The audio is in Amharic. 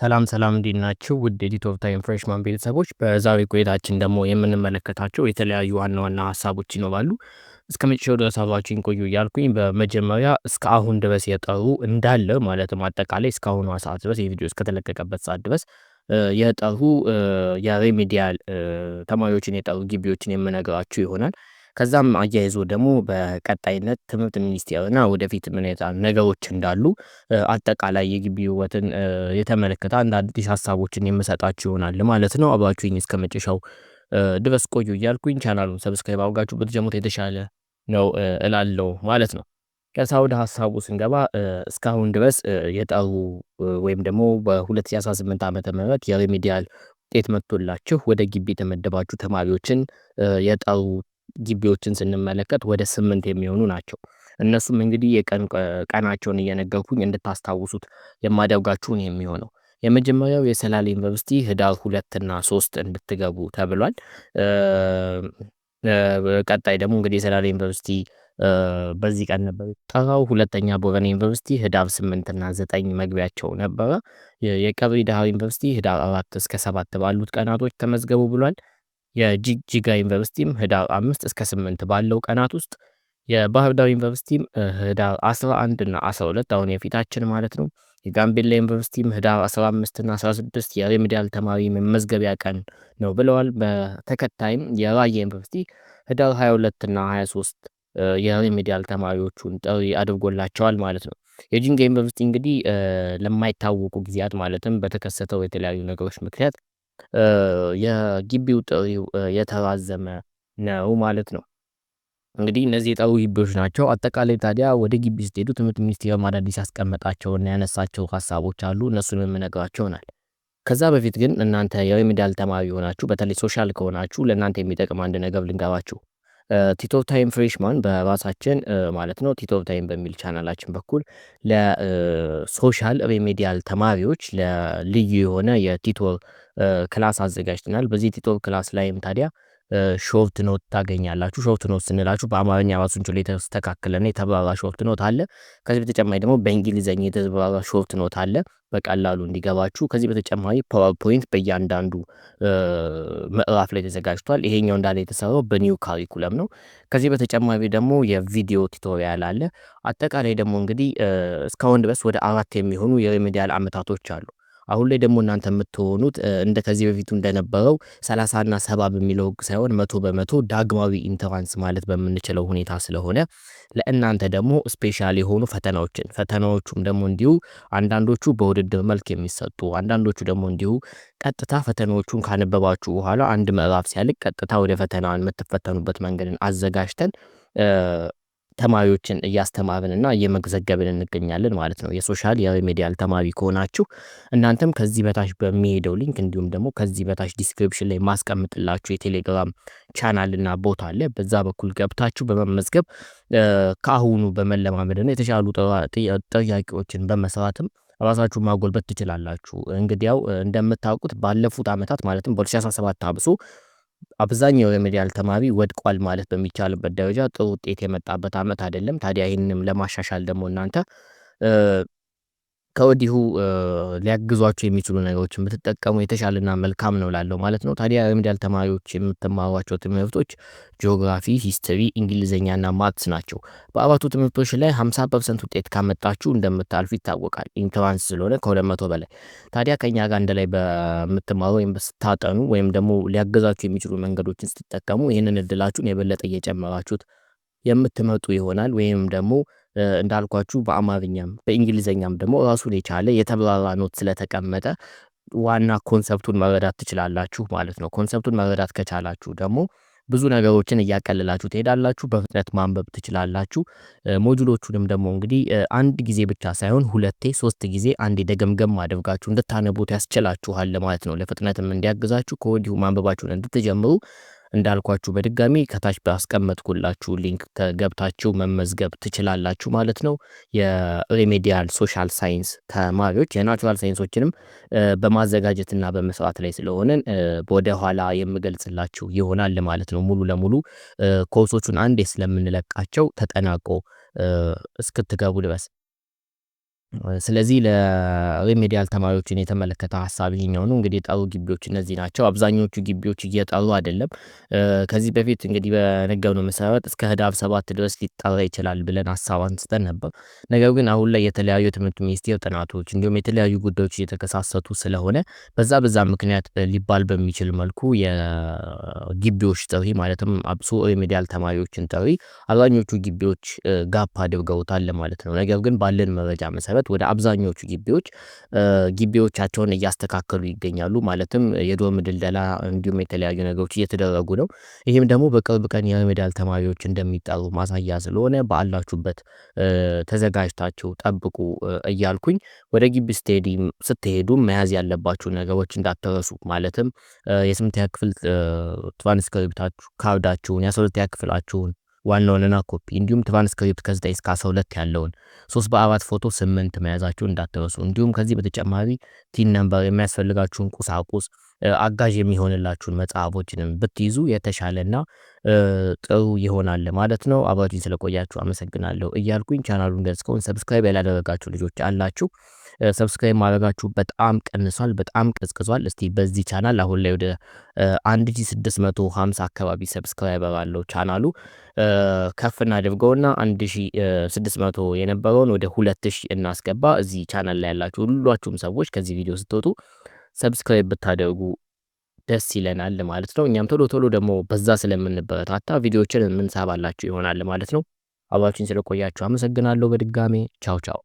ሰላም ሰላም እንዴት ናችሁ? ውድ ኤዲት ታይም ፍሬሽማን ቤተሰቦች፣ በዛሬ ቆይታችን ደግሞ የምንመለከታቸው የተለያዩ ዋና ዋና ሀሳቦች ይኖራሉ። እስከ መጨረሻው ድረስ አብራችሁን ቆዩ እያልኩኝ በመጀመሪያ እስከ አሁን ድረስ የጠሩ እንዳለ ማለትም አጠቃላይ እስከ ሰዓት ድረስ የቪዲዮ እስከተለቀቀበት ሰዓት ድረስ የጠሩ የሬሜዲያል ተማሪዎችን የጠሩ ግቢዎችን የምነግራችሁ ይሆናል። ከዛም አያይዞ ደግሞ በቀጣይነት ትምህርት ሚኒስቴርና ወደፊት ምን ነገሮች እንዳሉ አጠቃላይ የግቢ ህይወትን የተመለከተ አንድ አዲስ ሀሳቦችን የምሰጣችሁ ይሆናል ማለት ነው። አብራችሁኝ እስከ መጨረሻው ድረስ ቆዩ እያልኩኝ ቻናሉን ሰብስክራይብ አድርጋችሁ ብትጀምሩት የተሻለ ነው እላለው ማለት ነው። ከዛ ወደ ሀሳቡ ስንገባ እስካሁን ድረስ የጠሩ ወይም ደግሞ በ2018 ዓ ም የሪሚዲያል ውጤት መጥቶላችሁ ወደ ግቢ የተመደባችሁ ተማሪዎችን የጠሩ ግቢዎችን ስንመለከት ወደ ስምንት የሚሆኑ ናቸው። እነሱም እንግዲህ የቀናቸውን ቀናቸውን እየነገርኩኝ እንድታስታውሱት የማደርጋችሁን የሚሆነው የመጀመሪያው የሰላሌ ዩኒቨርሲቲ ህዳር ሁለት ሶስት እንድትገቡ ተብሏል። ቀጣይ ደግሞ እንግዲህ የሰላሌ ዩኒቨርሲቲ በዚህ ቀን ነበር ጠራው። ሁለተኛ ቦረና ዩኒቨርሲቲ ህዳር ስምንት ዘጠኝ መግቢያቸው ነበረ። የቀብሪ ዳሃር ዩኒቨርሲቲ ህዳር አራት እስከ ሰባት ባሉት ቀናቶች ተመዝገቡ ብሏል። የጂግጂጋ ዩኒቨርሲቲም ህዳር አምስት እስከ ስምንት ባለው ቀናት ውስጥ የባህር ዳር ዩኒቨርሲቲም ህዳር 11 እና 12 አሁን የፊታችን ማለት ነው። የጋምቤላ ዩኒቨርሲቲም ህዳር 15 እና 16 የሪሚዲያል ተማሪ መመዝገቢያ ቀን ነው ብለዋል። በተከታይም የራያ ዩኒቨርሲቲ ህዳር 22 እና 23 የሪሚዲያል ተማሪዎቹን ጥሪ አድርጎላቸዋል ማለት ነው። የጂንጋ ዩኒቨርሲቲ እንግዲህ ለማይታወቁ ጊዜያት ማለትም በተከሰተው የተለያዩ ነገሮች ምክንያት የግቢው ጥሪው የተራዘመ ነው ማለት ነው። እንግዲህ እነዚህ የጠሩ ግቢዎች ናቸው። አጠቃላይ ታዲያ ወደ ግቢ ስትሄዱ ትምህርት ሚኒስቴርም አዳዲስ እና ያነሳቸው ሀሳቦች አሉ። እነሱን የምነግራቸው ይሆናል። ከዛ በፊት ግን እናንተ የሪሚዲያል ተማሪ ሆናችሁ በተለይ ሶሻል ከሆናችሁ ለእናንተ የሚጠቅም አንድ ነገር ልንገራችሁ። ቲቶ ታይም ፍሬሽማን በራሳችን ማለት ነው ቲቶ ታይም በሚል ቻናላችን በኩል ለሶሻል ሪሚዲያል ተማሪዎች ለልዩ የሆነ የቲቶር ክላስ አዘጋጅተናል። በዚህ ቲቶል ክላስ ላይም ታዲያ ሾርት ኖት ታገኛላችሁ። ሾርት ኖት ስንላችሁ በአማርኛ ራሱን ችሎ የተስተካከለና የተብራራ ሾርት ኖት አለ። ከዚህ በተጨማሪ ደግሞ በእንግሊዝኛ የተብራራ ሾርት ኖት አለ፣ በቀላሉ እንዲገባችሁ። ከዚህ በተጨማሪ ፓወርፖይንት በእያንዳንዱ ምዕራፍ ላይ ተዘጋጅቷል። ይሄኛው እንዳለ የተሰራው በኒው ካሪኩለም ነው። ከዚህ በተጨማሪ ደግሞ የቪዲዮ ቱቶሪያል አለ። አጠቃላይ ደግሞ እንግዲህ እስካሁን ድረስ ወደ አራት የሚሆኑ የሪሚዲያል አመታቶች አሉ። አሁን ላይ ደግሞ እናንተ የምትሆኑት እንደ ከዚህ በፊቱ እንደነበረው ሰላሳና ሰባ በሚለው ህግ ሳይሆን መቶ በመቶ ዳግማዊ ኢንተራንስ ማለት በምንችለው ሁኔታ ስለሆነ ለእናንተ ደግሞ ስፔሻል የሆኑ ፈተናዎችን ፈተናዎቹም ደግሞ እንዲሁ አንዳንዶቹ በውድድር መልክ የሚሰጡ አንዳንዶቹ ደግሞ እንዲሁ ቀጥታ ፈተናዎቹን ካነበባችሁ በኋላ አንድ ምዕራፍ ሲያልቅ ቀጥታ ወደ ፈተና የምትፈተኑበት መንገድን አዘጋጅተን ተማሪዎችን እያስተማርንና እየመዘገብን እንገኛለን ማለት ነው። የሶሻል የሪሜዲያል ተማሪ ከሆናችሁ እናንተም ከዚህ በታች በሚሄደው ሊንክ እንዲሁም ደግሞ ከዚህ በታች ዲስክሪፕሽን ላይ ማስቀምጥላችሁ የቴሌግራም ቻናልና ቦታ አለ። በዛ በኩል ገብታችሁ በመመዝገብ ከአሁኑ በመለማመድና የተሻሉ ጥያቄዎችን በመስራትም ራሳችሁ ማጎልበት ትችላላችሁ። እንግዲያው እንደምታውቁት ባለፉት ዓመታት ማለትም በ2017 አብሶ አብዛኛው የምን ተማሪ ወድቋል ማለት በሚቻልበት ደረጃ ጥሩ ውጤት የመጣበት አመት አይደለም። ታዲያ ይህንም ለማሻሻል ደግሞ እናንተ ከወዲሁ ሊያግዟቸው የሚችሉ ነገሮችን ብትጠቀሙ የተሻለና መልካም ነው ላለው ማለት ነው። ታዲያ ሪሚዲያል ተማሪዎች የምትማሯቸው ትምህርቶች ጂኦግራፊ፣ ሂስትሪ፣ እንግሊዝኛና ማትስ ናቸው። በአራቱ ትምህርቶች ላይ 50 ፐርሰንት ውጤት ካመጣችሁ እንደምታልፉ ይታወቃል። ኢንትራንስ ስለሆነ ከ መቶ በላይ ታዲያ ከእኛ ጋር እንደ ላይ በምትማሩ ወይም ስታጠኑ ወይም ደግሞ ሊያገዛችሁ የሚችሉ መንገዶችን ስትጠቀሙ ይህንን እድላችሁን የበለጠ እየጨመራችሁት የምትመጡ ይሆናል ወይም ደግሞ እንዳልኳችሁ በአማርኛም በእንግሊዘኛም ደግሞ ራሱን የቻለ የተብራራ ኖት ስለተቀመጠ ዋና ኮንሰፕቱን መረዳት ትችላላችሁ ማለት ነው። ኮንሰፕቱን መረዳት ከቻላችሁ ደግሞ ብዙ ነገሮችን እያቀለላችሁ ትሄዳላችሁ። በፍጥነት ማንበብ ትችላላችሁ። ሞጁሎቹንም ደግሞ እንግዲህ አንድ ጊዜ ብቻ ሳይሆን ሁለቴ፣ ሶስት ጊዜ አንዴ ደገምገም አድርጋችሁ እንድታነቡት ያስችላችኋል ማለት ነው። ለፍጥነትም እንዲያግዛችሁ ከወዲሁ ማንበባችሁን እንድትጀምሩ እንዳልኳችሁ በድጋሚ ከታች ባስቀመጥኩላችሁ ሊንክ ገብታችሁ መመዝገብ ትችላላችሁ ማለት ነው። የሪሜዲያል ሶሻል ሳይንስ ተማሪዎች የናቹራል ሳይንሶችንም በማዘጋጀትና በመስራት ላይ ስለሆነን ወደኋላ የምገልጽላችሁ ይሆናል ማለት ነው። ሙሉ ለሙሉ ኮርሶቹን አንዴ ስለምንለቃቸው ተጠናቆ እስክትገቡ ድረስ ስለዚህ ለሪሜዲያል ተማሪዎችን የተመለከተ ሀሳብ ይሄኛው ነው። እንግዲህ የጠሩ ግቢዎች እነዚህ ናቸው። አብዛኞቹ ግቢዎች እየጠሩ አይደለም። ከዚህ በፊት እንግዲህ በነገርነው መሰረት እስከ ህዳር ሰባት ድረስ ሊጠራ ይችላል ብለን ሀሳብ አንስተን ነበር። ነገር ግን አሁን ላይ የተለያዩ የትምህርት ሚኒስቴር ጥናቶች እንዲሁም የተለያዩ ጉዳዮች እየተከሳሰቱ ስለሆነ በዛ በዛ ምክንያት ሊባል በሚችል መልኩ የግቢዎች ጥሪ ማለትም አብሶ ሪሜዲያል ተማሪዎችን ጥሪ አብዛኞቹ ግቢዎች ጋፕ አድርገውታል ለማለት ነው። ነገር ግን ባለን መረጃ መሰረት መሰረት ወደ አብዛኞቹ ግቢዎች ግቢዎቻቸውን እያስተካከሉ ይገኛሉ። ማለትም የዶርም ድልደላ እንዲሁም የተለያዩ ነገሮች እየተደረጉ ነው። ይህም ደግሞ በቅርብ ቀን የሪሚዲያል ተማሪዎች እንደሚጠሩ ማሳያ ስለሆነ ባላችሁበት ተዘጋጅታችሁ ጠብቁ እያልኩኝ ወደ ግቢ ስቴዲየም ስትሄዱ መያዝ ያለባችሁ ነገሮች እንዳትረሱ ማለትም የስምንተኛ ክፍል ትራንስክሪፕታችሁ፣ ካርዳችሁን፣ የአስራ ሁለተኛ ክፍላችሁን ለና ኮፒ እንዲሁም ትራንስክሪፕት ከ9 እስከ 12 ያለውን 3 በአራት ፎቶ 8 መያዛችሁ እንዳትረሱ። እንዲሁም ከዚህ በተጨማሪ ቲን ነምበር የሚያስፈልጋችሁን ቁሳቁስ አጋዥ የሚሆንላችሁን መጽሐፎችንም ብትይዙ የተሻለና ጥሩ ይሆናል ማለት ነው። አብራችሁኝ ስለቆያችሁ አመሰግናለሁ እያልኩኝ ቻናሉን ገጽከውን ሰብስክራይብ ያላደረጋችሁ ልጆች አላችሁ ሰብስክራይብ ማድረጋችሁ በጣም ቀንሷል፣ በጣም ቀዝቅዟል። እስቲ በዚህ ቻናል አሁን ላይ ወደ 1650 አካባቢ ሰብስክራይበር አለው ቻናሉ። ከፍ እናድርገውና 1600 የነበረውን ወደ 2000 እናስገባ። እዚህ ቻናል ላይ ያላችሁ ሁሏችሁም ሰዎች ከዚህ ቪዲዮ ስትወጡ ሰብስክራይብ ብታደርጉ ደስ ይለናል ማለት ነው። እኛም ቶሎ ቶሎ ደግሞ በዛ ስለምንበረታታ ቪዲዮችን የምንሰራላችሁ ይሆናል ማለት ነው። አብራችን ስለቆያችሁ አመሰግናለሁ። በድጋሜ ቻው ቻው።